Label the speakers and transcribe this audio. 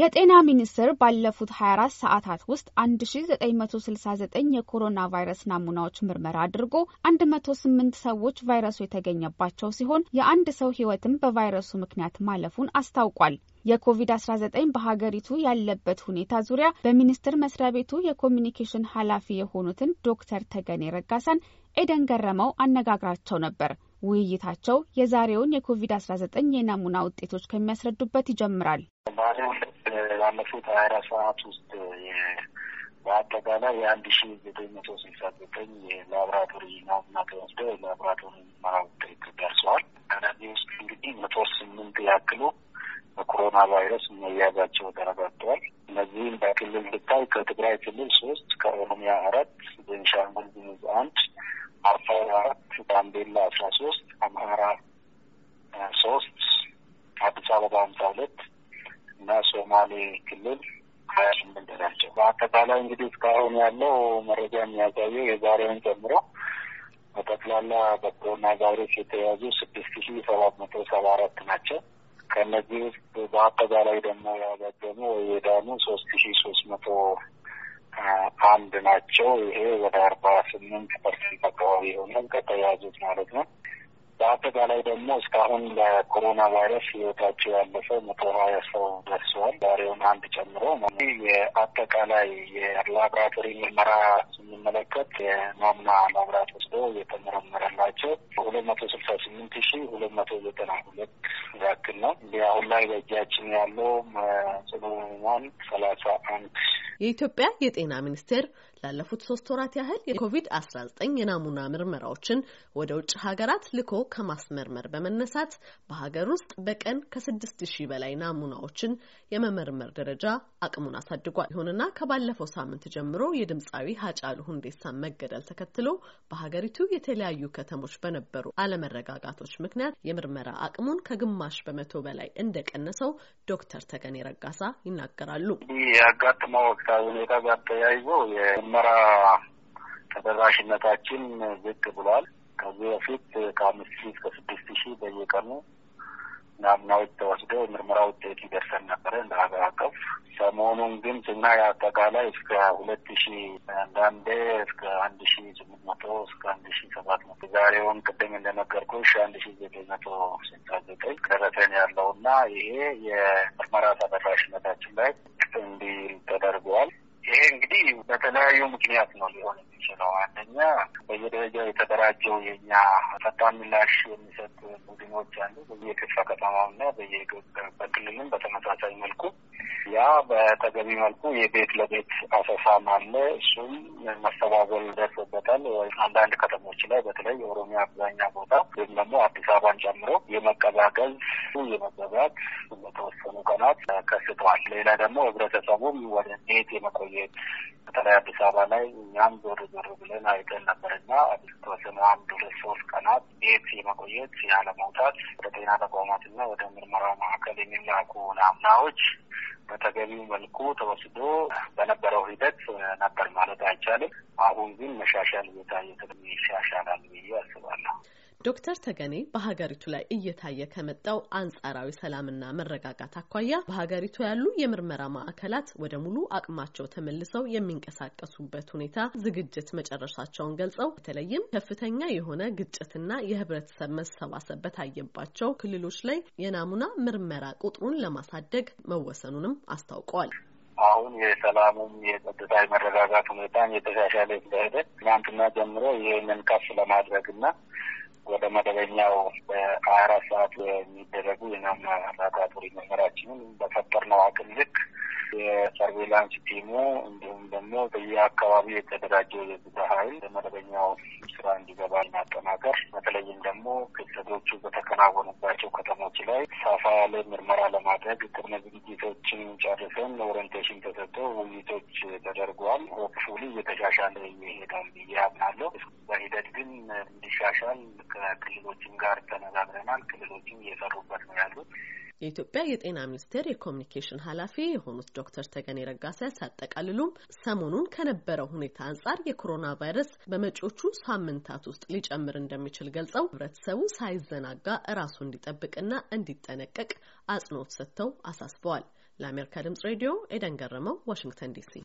Speaker 1: የጤና ሚኒስቴር ባለፉት 24 ሰዓታት ውስጥ 1969 የኮሮና ቫይረስ ናሙናዎች ምርመራ አድርጎ 108 ሰዎች ቫይረሱ የተገኘባቸው ሲሆን የአንድ ሰው ሕይወትም በቫይረሱ ምክንያት ማለፉን አስታውቋል። የኮቪድ-19 በሀገሪቱ ያለበት ሁኔታ ዙሪያ በሚኒስቴር መስሪያ ቤቱ የኮሚኒኬሽን ኃላፊ የሆኑትን ዶክተር ተገኔ ረጋሳን ኤደን ገረመው አነጋግራቸው ነበር። ውይይታቸው የዛሬውን የኮቪድ-19 የናሙና ውጤቶች ከሚያስረዱበት ይጀምራል።
Speaker 2: ባለፉት ሀያ አራት ሰዓት ውስጥ በአጠቃላይ የአንድ ሺ ዘጠኝ መቶ ስልሳ ዘጠኝ የላብራቶሪ ናሙና ተወስደው የላብራቶሪ ምርመራ ውጤት ደርሰዋል። ከነዚህ ውስጥ እንግዲህ መቶ ስምንት ያክሉ በኮሮና ቫይረስ መያዛቸው ተረጋግጠዋል። እነዚህም በክልል ብታይ ከትግራይ ክልል ሶስት፣ ከኦሮሚያ አራት፣ ቤንሻንጉል ጉሙዝ አንድ፣ አፋር አራት፣ ጋምቤላ አስራ ሶስት፣ አምሃራ ሶስት፣ አዲስ አበባ ሀምሳ ሁለት እና ሶማሌ ክልል ሀያ ስምንት ናቸው። በአጠቃላይ እንግዲህ እስካሁን ያለው መረጃ የሚያሳየው የዛሬውን ጨምሮ በጠቅላላ በኮሮና ቫይረስ የተያዙ ስድስት ሺ ሰባት መቶ ሰባ አራት ናቸው። ከእነዚህ ውስጥ በአጠቃላይ ደግሞ ያገገሙ ወይ የዳኑ ሶስት ሺ ሶስት መቶ አንድ ናቸው። ይሄ ወደ አርባ ስምንት ፐርሰንት አካባቢ የሆነ ከተያዙት ማለት ነው። በአጠቃላይ ደግሞ እስካሁን ለኮሮና ቫይረስ ህይወታቸው ያለፈው መቶ ሀያ ሰው ደርሰዋል። ዛሬውን አንድ ጨምሮ የአጠቃላይ የላብራቶሪ ምርመራ ስንመለከት የናሙና ላብራቶሪ ወስዶ የተመረመረላቸው ሁለት መቶ ስልሳ ስምንት ሺ ሁለት መቶ ዘጠና ሁለት ያክል ነው። አሁን ላይ በእጃችን ያለው ጽኑ ህሙማን ሰላሳ አንድ
Speaker 1: የኢትዮጵያ የጤና ሚኒስቴር ላለፉት ሶስት ወራት ያህል የኮቪድ-19 የናሙና ምርመራዎችን ወደ ውጭ ሀገራት ልኮ ከማስመርመር በመነሳት በሀገር ውስጥ በቀን ከስድስት ሺህ በላይ ናሙናዎችን የመመርመር ደረጃ አቅሙን አሳድጓል። ይሁንና ከባለፈው ሳምንት ጀምሮ የድምፃዊ ሀጫሉ ሁንዴሳን መገደል ተከትሎ በሀገሪቱ የተለያዩ ከተሞች በነበሩ አለመረጋጋቶች ምክንያት የምርመራ አቅሙን ከግማሽ በመቶ በላይ እንደቀነሰው ዶክተር ተገኔ ረጋሳ ይናገራሉ።
Speaker 2: ያጋጥመው ወቅታዊ ሁኔታ ጋር ተያይዞ የምርመራ ተደራሽነታችን ዝቅ ብሏል። ከዚህ በፊት ከአምስት ሺህ እስከ ስድስት ሺህ በየቀኑ ናሙናዎች ተወስደው የምርመራ ውጤት ይደርሰን ነበረ እንደ ሀገር አቀፍ። ሰሞኑን ግን ስናይ አጠቃላይ እስከ ሁለት ሺ አንዳንዴ እስከ አንድ ሺ ስምንት መቶ እስከ አንድ ሺ ሰባት መቶ ዛሬውን ቅድም እንደነገርኩሽ አንድ ሺ ዘጠኝ መቶ ስልሳ ዘጠኝ ደረሰን ያለው እና ይሄ የምርመራ ተደራሽነታችን ላይ በተለያዩ ምክንያት ነው ሊሆን የሚችለው። አንደኛ በየደረጃው የተደራጀው የኛ ፈጣን ምላሽ የሚሰጥ ቡድኖች አሉ በየክፍለ ከተማውና በየበክልልም በተመሳሳይ መልኩ ያ በተገቢ መልኩ የቤት ለቤት አሰሳም አለ። እሱም መስተጓጎል ደርሶበታል። አንዳንድ ከተሞች ላይ በተለይ የኦሮሚያ አብዛኛ ቦታ ወይም ደግሞ አዲስ አበባን ጨምሮ የመቀዛቀዝ የመገዛት በተወሰኑ ቀናት ከስተዋል። ሌላ ደግሞ ህብረተሰቡም ወደ ቤት የመቆየት በተለይ አዲስ አበባ ላይ እኛም ዞር ዞር ብለን አይተን ነበርና ተወሰኑ አንድ ሁለት ሶስት ቀናት ቤት የመቆየት ያለመውጣት፣ ወደ ጤና ተቋማትና ወደ ምርመራ ማዕከል የሚላኩ ናምናዎች በተገቢው መልኩ ተወስዶ በነበረው ሂደት ነበር ማለት አይቻልም። አሁን ግን መሻሻል ቦታ ይሻሻላል
Speaker 1: ዶክተር ተገኔ በሀገሪቱ ላይ እየታየ ከመጣው አንጻራዊ ሰላምና መረጋጋት አኳያ በሀገሪቱ ያሉ የምርመራ ማዕከላት ወደ ሙሉ አቅማቸው ተመልሰው የሚንቀሳቀሱበት ሁኔታ ዝግጅት መጨረሻቸውን ገልጸው በተለይም ከፍተኛ የሆነ ግጭትና የህብረተሰብ መሰባሰብ በታየባቸው ክልሎች ላይ የናሙና ምርመራ ቁጥሩን ለማሳደግ መወሰኑንም አስታውቀዋል።
Speaker 2: አሁን የሰላሙም የጸጥታ መረጋጋት ሁኔታን የተሻሻለ ስለሄደ ትናንትና ጀምሮ ይህንን ከፍ ለማድረግ እና ወደ መደበኛው በሀያ አራት ሰዓት የሚደረጉ የናምና ላብራቶሪ ምርመራችንን በፈጠርነው አቅም ልክ የሰርቬላንስ ቲሙ እንዲሁም ደግሞ በየአካባቢው የተደራጀው የብዛ ኃይል በመደበኛው ስራ እንዲገባ ማጠናከር፣ በተለይም ደግሞ ክስተቶቹ በተከናወኑባቸው ከተሞች ላይ ሰፋ ያለ ምርመራ ለማድረግ ቅድመ ዝግጅቶችን ጨርሰን ኦሪንቴሽን ተሰጥቶ ውይይቶች ተደርገዋል። ሆፕፉሊ እየተሻሻለ ይሄዳል ብዬ አምናለሁ። በሂደት ግን እንዲሻሻል ከክልሎችም ጋር ተነጋግረናል። ክልሎችም እየሰሩበት ነው ያሉት
Speaker 1: የኢትዮጵያ የጤና ሚኒስቴር የኮሚኒኬሽን ኃላፊ የሆኑት ዶክተር ተገኔ ረጋሳ ሲያጠቃልሉም ሰሞኑን ከነበረው ሁኔታ አንጻር የኮሮና ቫይረስ በመጪዎቹ ሳምንታት ውስጥ ሊጨምር እንደሚችል ገልጸው ህብረተሰቡ ሳይዘናጋ እራሱ እንዲጠብቅና እንዲጠነቀቅ አጽንኦት ሰጥተው አሳስበዋል። ለአሜሪካ ድምጽ ሬዲዮ ኤደን ገረመው ዋሽንግተን ዲሲ